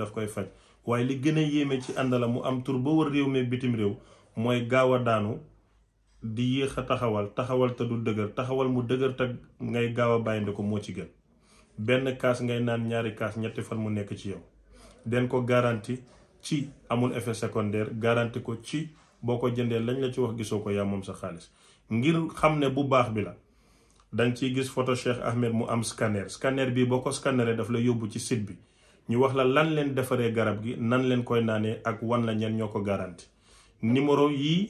daf koy faj waaye li gën a yéeme ci àndala mu am tur ba wër réew mi bitim réew mooy gaaw a daanu di yéex a taxawal taxawal te du dëgër taxawal mu dëgër te ngay gaaw a bàyyinde ko moo ci gën benn kaas ngay naan ñaari kaas ñetti fan mu nekk ci yow den ko garanti ci amul effet secondaire garanti ko ci boo ko jëndee lañ la ci wax gisoo ko yaa moom sa xaalis ngir xam ne bu baax bi la dañ ciy gis photo Cheikh Ahmed mu am scanner scanner bi boo ko scanneree daf la yóbbu ci site bi ñu wax la lan leen defaree garab gi nan leen koy naanee ak wan la ñen ñoo ko garanti numéro yii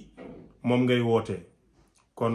moom ngay woote kon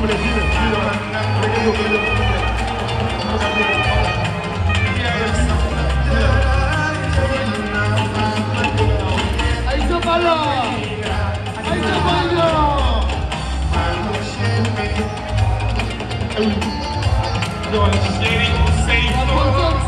Ladies, ladies, save the world.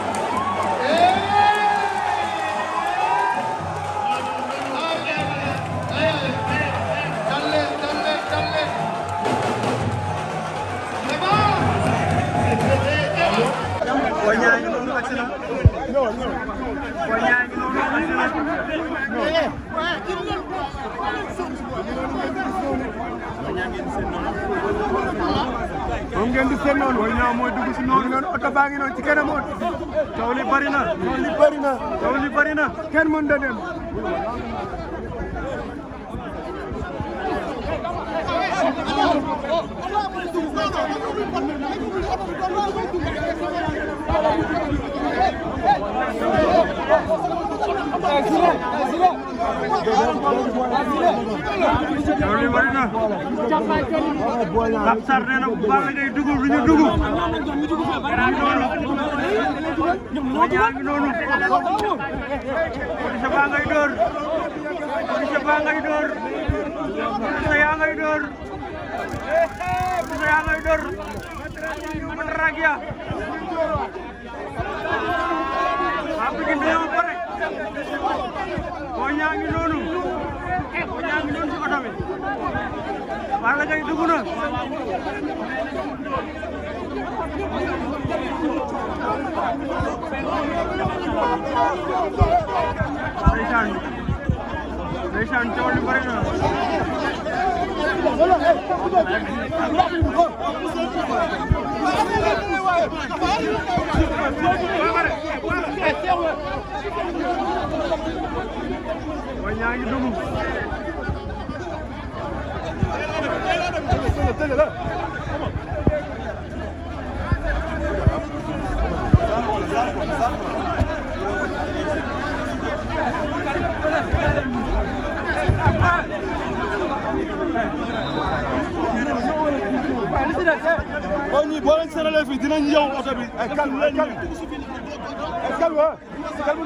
dugg si noonu noonu oto baa ngi noonu ci kanam oto taw li bëri na taw na taw li bëri kenn mën da dem loolu bari na Pape Sarr nee na Balla Gaye dugg lu ñu dugg yaa ngi noonu yaa ngi noonu police baa ngay door police baa ngay door police yaa ngay door police yaa ngay door matraak ya boo ñaa ngi noonu boo ñaa ngi noonu ci oto bi Balla Gaye dugg na ndeysaan ndeysaan coow li bëri na yaa ngi dugg. boo ñuy boo leen sëralee fii dinañ yow oto bi ay calme calme calme ah. calme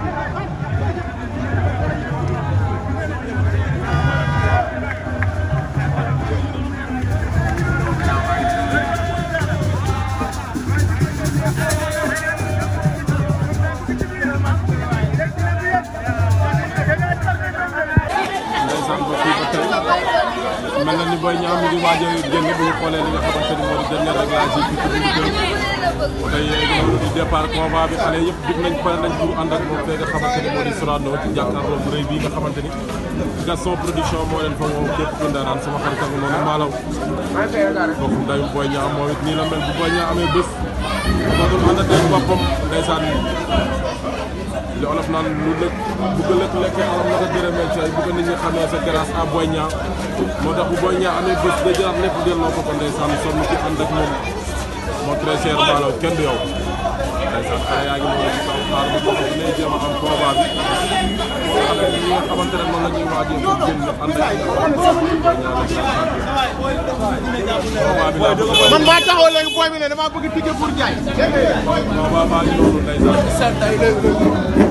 waaj a génn bu ñu xoolee li nga xamante ni moo di dernier réglage yi fii ci biir kër tey loolu di départ convoi bi xale yëpp jug nañ pare nañ pour ànd ak moom fee nga xamante ni moo di Sorano ci jàkkaarloo bu rëy bii nga xamante ni Gaston production moo leen fa woo képp ku ndaraan sama xarit ak noonu maalaw bokk ndayu Boy Niang moom it nii la mel bu Boy Niang amee bés dootul ànd ak boppam ndeysaan li olof naan lu lëkk bu ko lëkk lekkee alam na ko gërëmee ci bu ko nit ñi xamee sa grâce à Boy Niang moo tax bu Boy Niang amee bés day jëlaat lépp delloo ko ko ndeysaan sonn ci ànd ak moom moo très cher Malaw kenn du yow ndeysaan xale yaa ngi mën a xaar bu bokk dinañ jéem a am combat bi xale yi nga xamante ne moom la ñuy waajee pour génn ànd ak man maa taxaw léegi booy bi ne dama bëgg ticket pour jaay. combat baa ngi noonu ndeysaan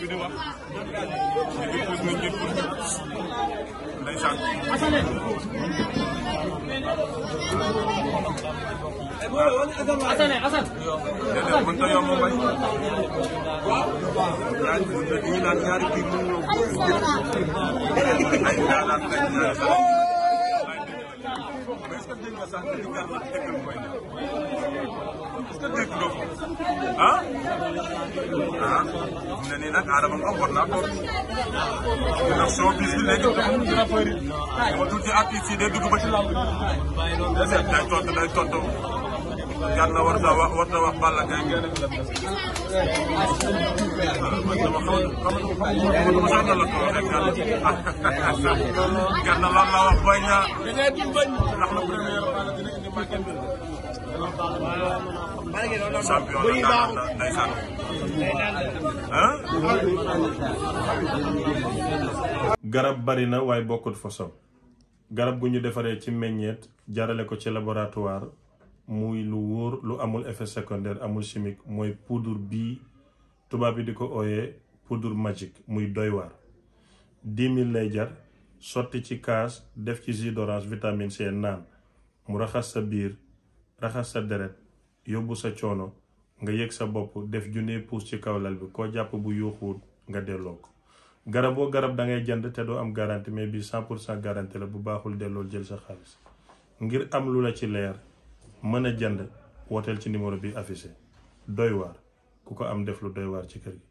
wax pose nañ ñëpp ndeysaan déedéet mënta yomb mbay ñaari mën na dañuy naan ñaari biir mën ñoo ay daalaan lañ ñaari xale mais est-ce que dégg nga sax li nga wax dëgg mooy est-ce que dégg nga ko ah ah mu ne nii nag Adama Ngom war naa toog ndax showbiz bi léegi dina bëri dama tuuti artistes yi day dugg ba ci làmb day tontu day tontu Gana war na wax war na wax Balla Gaye ngeen Gana lan la wax bañ na ndax la premier champion la ah garab bari na waaye bokkut façon garab gu ñu defaree ci meññeet jarale ko ci laboratoire muy lu wóor lu amul effet secondaire amul chimique mooy poudre bii tubaab yi di ko ooyee poudre magique muy doy waar dix lay jar sotti ci kaas def ci jus d'orange vitamine C mu raxas sa biir raxas sa deret yóbbu sa coono nga yëg sa bopp def junne puus ci kaw lal bi koo jàpp bu yuuxuwut nga delloo ko garaboo garab da ngay jënd te doo am garantie mais bi cent pour cent garantie la bu baaxul dellool jël sa xaalis ngir am lu la ci leer mën a jënd wooteel ci numéro bi affiché doy waar ku ko am def lu doy waar ci kër gi